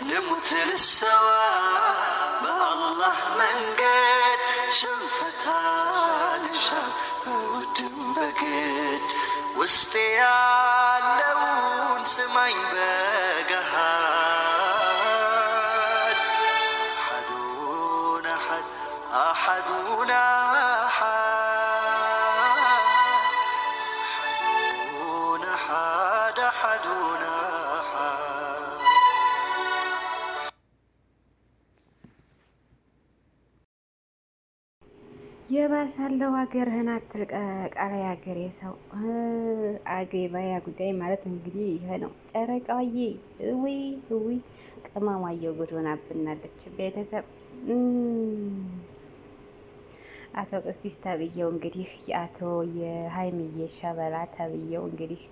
لمت للسواب الله من قد شفتها لشاف ودم بقيت وسطي يعلون سمعي بقهاد أحدون أحد أحدون أحد ባሳለው ሀገርህን አትልቀቅ አለ የሀገሬ ሰው። አገባያ ጉዳይ ማለት እንግዲህ ይህ ነው። ጨረቃዬ እውይ እውይ፣ ቅመሟየው ጉድ ሆናብናለች ቤተሰብ አቶ ቅስቲስ ተብዬው እንግዲህ አቶ የሀይሚዬ ሸበላ ተብዬው እንግዲህ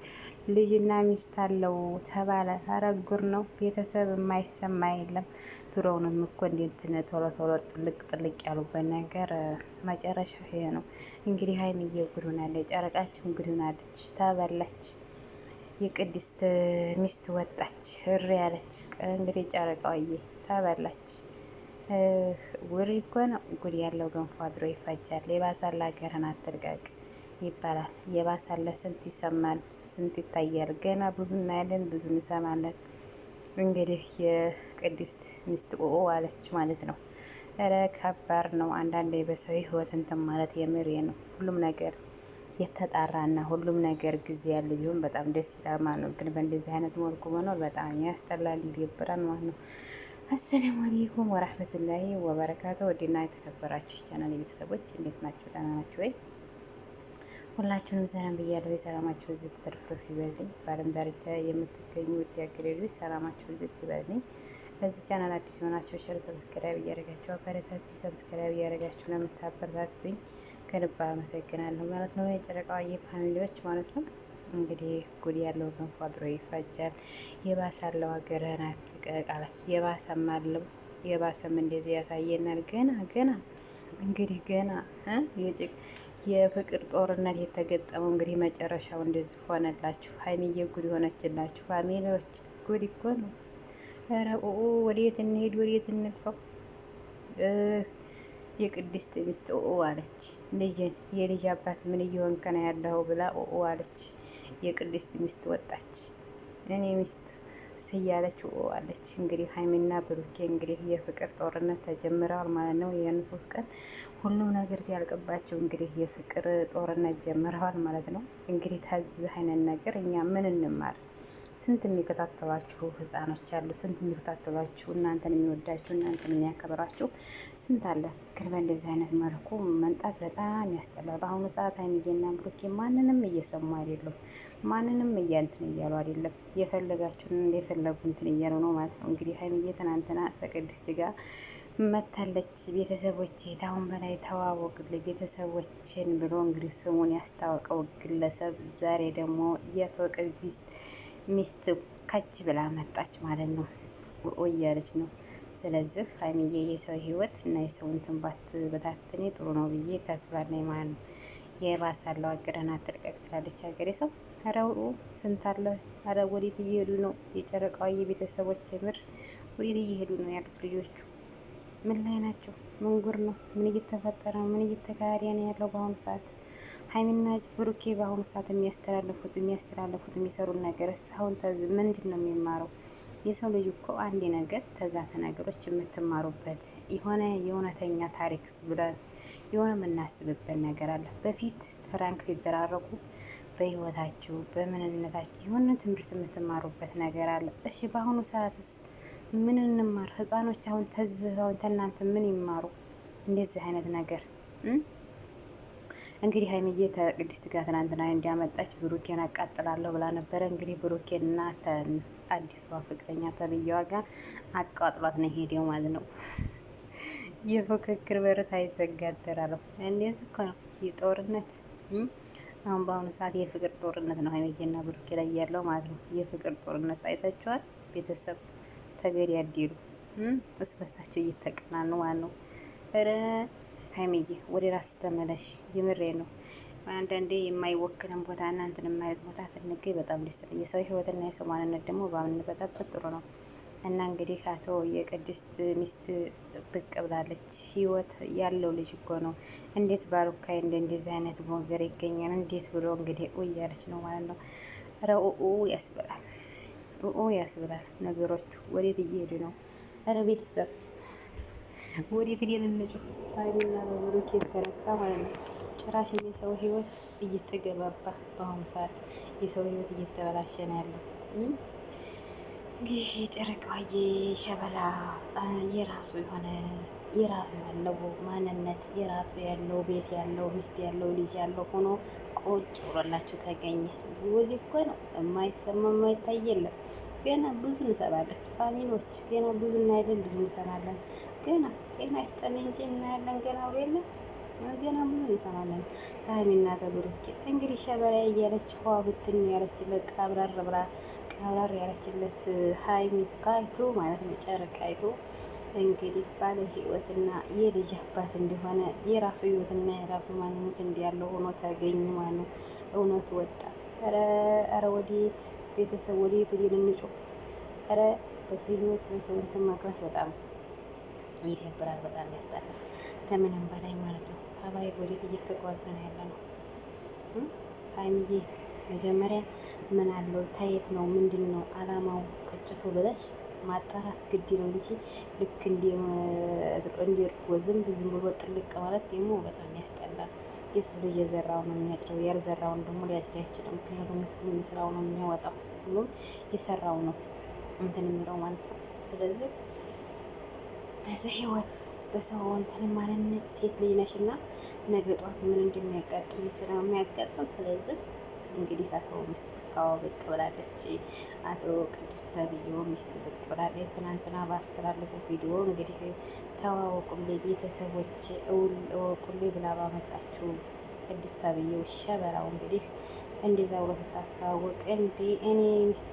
ልጅና ሚስት አለው ተባለ። ኧረ ጉር ነው ቤተሰብ የማይሰማ የለም። ድሮውንም እኮ እንትን ቶሎ ቶሎ ጥልቅ ጥልቅ ያሉበት ነገር መጨረሻ ይሄ ነው እንግዲህ። ሀይሚዬ ጉድ ሆናለች፣ ጨረቃችን ጉድ ሆናለች፣ ተበላች። የቅድስት ሚስት ወጣች፣ እሪ ያለች እንግዲህ ጨረቃዬ ተበላች። ጉድ እኮ ነው። ጉድ ያለው ገንፎ አድሮ ይፈጃል። የባሳለ ሀገርን አትልቀቅ ይባላል። የባሳለ ስንት ይሰማል፣ ስንት ይታያል። ገና ብዙ እናያለን፣ ብዙ እንሰማለን። እንግዲህ የቅድስት ሚስት ኦ አለች ማለት ነው። ረ ከባድ ነው። አንዳንድ በሰው ህይወት እንትን ማለት የምሬ ነው። ሁሉም ነገር የተጣራና ሁሉም ነገር ጊዜ ያለ ቢሆን በጣም ደስ ይላል ማለት ነው። ግን በእንደዚህ አይነት መልኩ መኖር በጣም ያስጠላል፣ ይደብራል ማለት ነው። አሰላሙ አሌይኩም ወራህመቱላሂ ወበረካቱ። ወዲና የተከበራችሁ ቻናል ቤተሰቦች እንዴት ናችሁ? ደህና ናችሁ ወይ? ሁላችሁንም ሰላም ብያለሁ። የሰላማችሁ ዝግ ትርፍርፍ ይበልኝ። በአለም ዳርቻ የምትገኙ ውድ ያገሬ ልጆች ሰላማችሁ ዝግ ይበልኝ። ለዚህ ቻናል አዲስ የሆናችሁ ሸር፣ ሰብስክራይብ እያደረጋችሁ አበረታቱ። ሰብስክራይብ እያደረጋችሁ ለምታበረታቱኝ ከልብ አመሰግናለሁ ማለት ነው። የጨረቃዋ የፋሚሊዎች ማለት ነው እንግዲህ ጉድ ያለው ገንፎ አድሮ ይፈጃል። የባሰ አለው ሀገርህን አትቀቃለ የባሰም አለው የባሰም እንደዚህ ያሳየናል። ገና ገና እንግዲህ ገና የፍቅር ጦርነት የተገጠመው እንግዲህ መጨረሻው እንደዚህ ሆነላችሁ። ሀይሚዬ ጉድ ሆነችላችሁ ፋሚሊዎች፣ ጉድ እኮ ነው። ኧረ ወዴት እንሄድ? ወዴት እንግባው? የቅድስት ሚስት ኦ አለች። ልጅን የልጅ አባት ምን እየሆንክ ነው ያለኸው ብላ ኦ አለች። የቅድስት ሚስት ወጣች። እኔ ሚስት ስያለች አለች። እንግዲህ ሀይሚና ብሩኬ እንግዲህ የፍቅር ጦርነት ተጀምረዋል ማለት ነው። ያን ሶስት ቀን ሁሉም ነገር ያልቅባቸው እንግዲህ የፍቅር ጦርነት ጀምረዋል ማለት ነው። እንግዲህ ከዚህ አይነት ነገር እኛ ምን እንማር? ስንት የሚከታተሏችሁ ህፃኖች አሉ። ስንት የሚከታተሏችሁ እናንተን የሚወዳችሁ እናንተን የሚያከብራችሁ ስንት አለ። ግን በእንደዚህ አይነት መልኩ መምጣት በጣም ያስጠላል። በአሁኑ ሰዓት ሀይሚዬና ብሩኬ ማንንም እየሰሙ አይደለም። ማንንም እያንትን እያሉ አይደለም። የፈለጋችሁን እንደፈለጉ እንትን እያሉ ነው ማለት ነው። እንግዲህ ሀይሚዬ ትናንትና ከቅድስት ጋር መታለች። ቤተሰቦች ታሁን በላይ ተዋወቅል ቤተሰቦችን ብሎ እንግዲህ ስሙን ያስታወቀው ግለሰብ ዛሬ ደግሞ የፍቅር ሚስት ከች ብላ መጣች ማለት ነው። እያለች ነው። ስለዚህ ሀይሚዬ የሰው ህይወት እና የሰው እንትን በታትኔ ጥሩ ነው ብዬ ታስባለኝ ማለት ነው። የባሰ አለው አገረን አትልቀቅ ትላለች ሀገሬ ሰው። ኧረው ስንት አለ ኧረ ወዴት እየሄዱ ነው? የጨረቃው የቤተሰቦች ምር ወዴት እየሄዱ ነው ያሉት ልጆቹ ምን ላይ ናቸው? ምን ጉር ነው? ምን እየተፈጠረ ነው? ምን እየተካሄደ ነው ያለው በአሁኑ ሰዓት? ሀይሚና ብሩኬ በአሁኑ ሰዓት የሚያስተላልፉት የሚያስተላልፉት የሚሰሩት ነገር እስካሁን ምንድን ነው የሚማረው? የሰው ልጅ እኮ አንድ ነገር ተዛተ ነገሮች የምትማሩበት የሆነ የእውነተኛ ታሪክ ብለን የሆነ የምናስብበት ነገር አለ። በፊት ፍራንክ ቢበራረቁ በህይወታችሁ በምንነታችሁ የሆነ ትምህርት የምትማሩበት ነገር አለ። እሺ በአሁኑ ሰዓትስ ምን እንማር? ህፃኖች አሁን ተዝ አሁን ተናንተ ምን ይማሩ? እንደዚህ አይነት ነገር እንግዲህ ሀይሚዬ ቅድስት ጋር ትናንትና እንዲያመጣች ብሩኬን አቃጥላለሁ ብላ ነበረ። እንግዲህ ብሩኬንና አዲሷ ፍቅረኛ ተብዬዋ ጋር አቃጥሏት ነው ሄደው ማለት ነው። የፉክክር በረት አይዘጋደራለሁ። እንደዚህ እኮ ነው የጦርነት አሁን በአሁኑ ሰዓት የፍቅር ጦርነት ነው ሀይሚዬና ብሩኬ ላይ ያለው ማለት ነው። የፍቅር ጦርነት አይታችኋል። ቤተሰብ ተገድ ያዲሉ እስበሳቸው እየተቀናኑ ማለት ነው። ሀይሚዬ ወደ ራስ ተመለሽ። የምሬ ነው። አንዳንዴ የማይወክለን ቦታ እና እንትን የማያዝ ቦታ ትንገኝ በጣም ደስ ይላል። የሰው ህይወትና የሰው ማንነት ደግሞ ባንበጣበት ጥሩ ነው እና እንግዲህ አቶ የቅድስት ሚስት ብቅ ብላለች። ህይወት ያለው ልጅ እኮ ነው። እንዴት ባሩካይ እንደ እንደዚህ አይነት ነገር ይገኛል? እንዴት ብሎ እንግዲህ ኡ እያለች ነው ማለት ነው። ኧረ ኡ ያስብላል፣ ኡ ያስብላል። ነገሮቹ ወዴት እየሄዱ ነው? ኧረ ቤተሰብ ወዴት የለመጭው ባይቤና በብሩክ የተነሳ ማለት ነው። ጭራሽ የሰው ህይወት እየተገባባ በአሁኑ ሰዓት የሰው ህይወት እየተበላሸ ነው ያለው። እንግዲህ የጨረቃዬ ሸበላ የራሱ የሆነ የራሱ ያለው ማንነት የራሱ ያለው ቤት ያለው ሚስት ያለው ልጅ ያለው ሆኖ ቁጭ ብሎላችሁ ተገኘ። ወዚ እኮ ነው የማይሰማ የማይታይ የለም። ገና ብዙ እንሰማለን። ፋሚሊዎች ገና ብዙ እናያለን፣ ብዙ እንሰማለን። ገና ጤና ይስጠን እንጂ እናያለን። ገና ውሎ የለም ገና ሙሉ እንሰማለን። ታይሚና ተብሩኬ እንግዲህ ሸበላ እያለች ዋ ብትን ያለችለት ቀብረር ብላ ቀብረር ያለችለት ሀይሚ ካይቱ ማለት ነው ጨረቃይቱ እንግዲህ ባለ ህይወትና የልጅ አባት እንደሆነ የራሱ ህይወትና የራሱ ማንነት እንዲያለው ሆኖ ተገኝ ማለት ነው። እውነቱ ወጣ። ኧረ ወዴት ቤተሰብ ወዴት ልንጮህ? ኧረ በሰው ህይወት በሰው እንትን ማግባት በጣም ይደብራል። በጣም ያስጠላል። ከምንም በላይ ማለት ነው። ሀባይ ወዴት እየተጓዝን ነው ያለ ነው። ሀይሚዬ መጀመሪያ ምን አለው ታየት ነው ምንድን ነው አላማው ቅጭቱ ብለሽ ማጣራት ግድ ነው እንጂ ልክ እንዲርጎ እርጎ ዝም ዝም ብሎ ጥልቅ ማለት ደግሞ በጣም ያስጠላል። የሰው ልጅ የዘራው ነው የሚያጭደው፣ ያልዘራውን ደግሞ ሊያጭድ አይችልም። ምክንያቱም ሁሉም ስራው ነው የሚያወጣው፣ ሁሉም የሰራው ነው እንትን የሚለው ማለት ነው። ስለዚህ በሰው ህይወት በሰው እንትን ማንነት ሴት ልጅ ነሽ እና ነገ ጠዋት ምን እንደሚያጋጥም ስለሚያጋጥም ስለዚህ እንግዲህ አቶ ሚስትካዋ ብቅ ብላለች። አቶ ቅዱስ ተብዬው ሚስት ብቅ ብላለች። ትናንትና ባስተላለፉ ቪዲዮ እንግዲህ ተዋወቁልኝ ቤተሰቦች እውል እወቁልኝ ብላ ባመጣችው ቅዱስ ተብዬው ሸበራው እንግዲህ እንደዛ ብሎ ታስተዋወቅ እንዴ እኔ ሚስት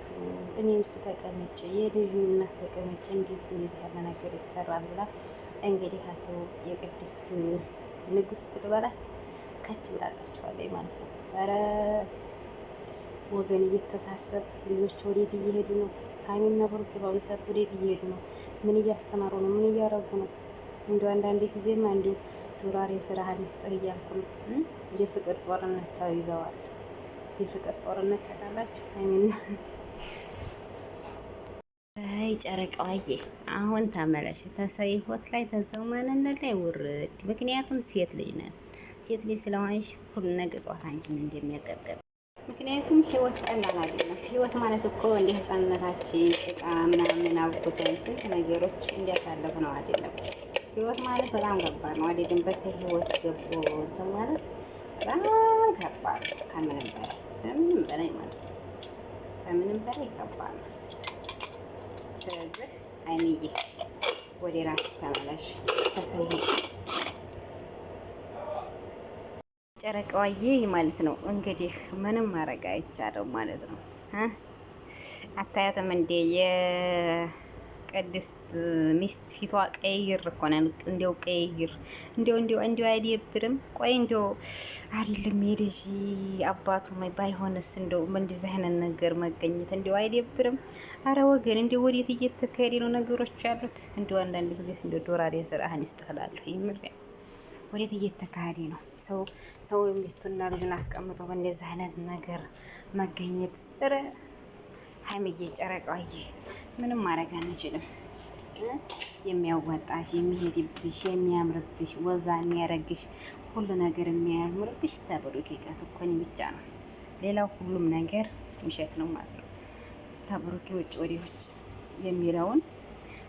እኔ ሚስት የልጁ እናት ተቀምጬ እንዴት እንዴት ያለ ነገር ይሰራል ብላ እንግዲህ አቶ የቅድስት ንጉስ ትልበላት ከች ብላላችኋለች ማለት ነው። ኧረ ወገን እየተሳሰብ ልጆች ወዴት እየሄዱ ነው? ሀይሚና ብሩክ በአሁኑ ሰዓት ወዴት እየሄዱ ነው? ምን እያስተማሩ ነው? ምን እያረጉ ነው? እንዲ አንዳንዴ ጊዜማ እንዲሁ ዶራሬ ስራህን ስጥህ እያልኩ ነው። የፍቅር ጦርነት ተይዘዋል። የፍቅር ጦርነት ታውቃላችሁ። ሀይሚና አይ ጨረቃዋዬ አሁን ተመለሽ ተሰይ ህይወት ላይ ተዘው ማንነት ላይ ውርድ። ምክንያቱም ሴት ልጅ ነን። ሴት ልጅ ስለሆንሽ ሁሉ ነገር ጧት አንቺን እንደሚያቀጥቅጥ ምክንያቱም ህይወት ቀላል አይደለም። ህይወት ማለት እኮ እንደ ህፃንነታችን ጭቃ ምናምን አውጥተን ስንት ነገሮች እንዲያሳለፍ ነው አይደለም። ህይወት ማለት በጣም ከባድ ነው አይደለም። በሰው ህይወት ገቦ ማለት በጣም ከባድ ከምንም በላይ ከምንም በላይ ማለት ነው። ከምንም በላይ ይገባል። ስለዚህ አይንዬ ወደ ራስሽ ተመለሽ፣ ተሰይ ጨረቃዋዬ ማለት ነው። እንግዲህ ምንም ማድረግ አይቻልም ማለት ነው። አታያትም እንዴ? ቅድስት ሚስት ፊቷ ቀይር እኮ ነን። እንዲያው ቀይር እንዲያው እንዲያው እንዲያው አይደብርም? ቆይ እንዲያው አይደለም የልጅ አባቱ ባይሆንስ እንዲያው እንደዚህ አይነት ነገር መገኘት እንዲያው አይደብርም? አረ ወገን እንዲያው ወዴት እየተካሄደ ነው ነገሮች ያሉት? እንዲያው አንዳንድ ጊዜ እንዲያው ዶራሪ ስራህን ይስጥላለሁ ይምር ወዴት እየተካሄደ ነው? ሰው ሰው ሚስቱና ልጁን አስቀምጦ በእንደዚህ አይነት ነገር መገኘት ሀይሚዬ ጨረቃዬ ምንም ማድረግ አንችልም። የሚያዋጣሽ የሚሄድብሽ የሚያምርብሽ ወዛ የሚያረግሽ ሁሉ ነገር የሚያምርብሽ ተብሩኬ ጋር ትኮኝ ብቻ ነው። ሌላው ሁሉም ነገር ውሸት ነው ማለት ነው። ተብሩኬ ውጭ ወደ ውጭ የሚለውን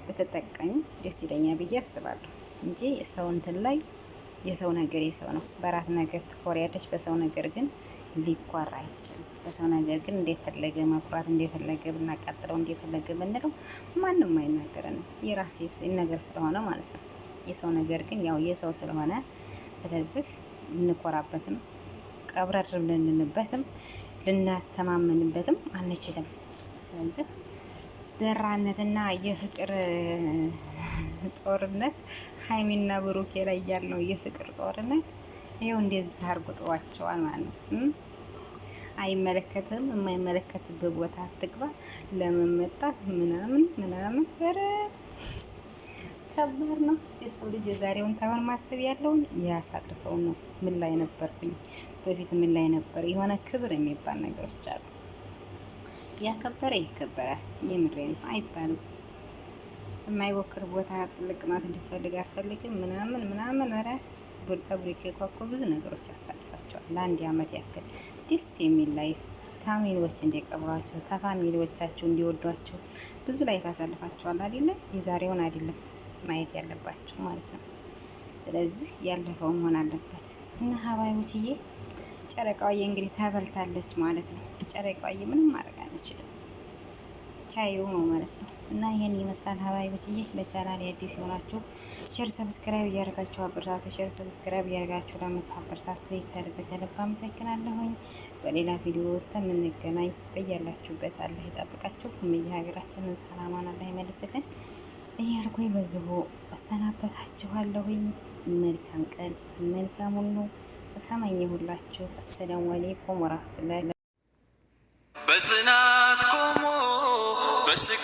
በተጠቀሚ ደስ ይለኛል ብዬ አስባለሁ እንጂ የሰው እንትን ላይ የሰው ነገር የሰው ነው። በራስ ነገር ትኮሪያለች፣ በሰው ነገር ግን ሊኮራ አይችልም። የሰው ነገር ግን እንደፈለገ መኩራት እንደፈለገ ብናቃጥለው እንደፈለገ ብንለው ማንም አይናገረንም። የራሴ ነገር ስለሆነ ማለት ነው። የሰው ነገር ግን ያው የሰው ስለሆነ ስለዚህ ልንኮራበትም ቀብረር ልንልበትም ልናተማመንበትም አንችልም። ስለዚህ ደራነትና የፍቅር ጦርነት ሀይሚና ብሩኬ ላይ ያለው የፍቅር ጦርነት ይኸው እንደዚህ አርጎጥዋቸዋል ማለት ነው። አይመለከትም፣ የማይመለከትበት ቦታ አትግባ፣ ለምን መጣህ ምናምን ምናምን። ኧረ ከባድ ነው። የሰው ልጅ የዛሬውን ታሁን ማሰብ ያለውን ያሳልፈው ነው። ምን ላይ ነበርኩኝ በፊት ምን ላይ ነበር? የሆነ ክብር የሚባል ነገሮች አሉ። ያከበረ ይከበራል። የምሬ ነው አይባልም። የማይወክር ቦታ ጥልቅ ማት እንዲፈልግ አልፈልግም ምናምን ምናምን ኧረ ቡልጠጉሪክ የኳኮ ብዙ ነገሮች አሳልፋቸዋል። ለአንድ ዓመት ያክል ደስ የሚል ላይፍ ፋሚሊዎች እንዲቀብሯቸው ታፋሚሊዎቻቸው እንዲወዷቸው ብዙ ላይፍ አሳልፋቸዋል አይደለም። የዛሬውን አይደለም ማየት ያለባቸው ማለት ነው። ስለዚህ ያለፈው መሆን አለበት እና ሀባይዎችዬ ጨረቃዬ እንግዲህ ተበልታለች ማለት ነው። ጨረቃዋዬ ምንም ማድረግ አንችልም። ቻዩ ነው ማለት ነው። እና ይሄን ይመስላል ሀባይቦች ይህ ለቻናል የአዲስ የሆናችሁ ሼር ሰብስክራይብ እያደረጋችሁ አበረታቱ። ሼር ሰብስክራይብ እያደረጋችሁ ለምታበረታቱ ከልብ ከልብ አመሰግናለሁኝ። በሌላ ቪዲዮ ውስጥ የምንገናኝ በያላችሁበት አላህ ይጠብቃችሁ። የሀገራችንን ሰላማን አላህ ይመልስልን እያልኩኝ በዚሁ እሰናበታችኋለሁኝ። መልካም ቀን መልካም ሁሉ ተሰማኝ ሁላችሁ። አሰላሙ አሌይኩም ወራህመቱላሂ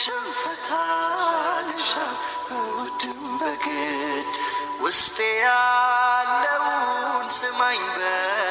ሸንፈታንሻ በውድም በግድ ውስጤ ያለውን ስማኝ በ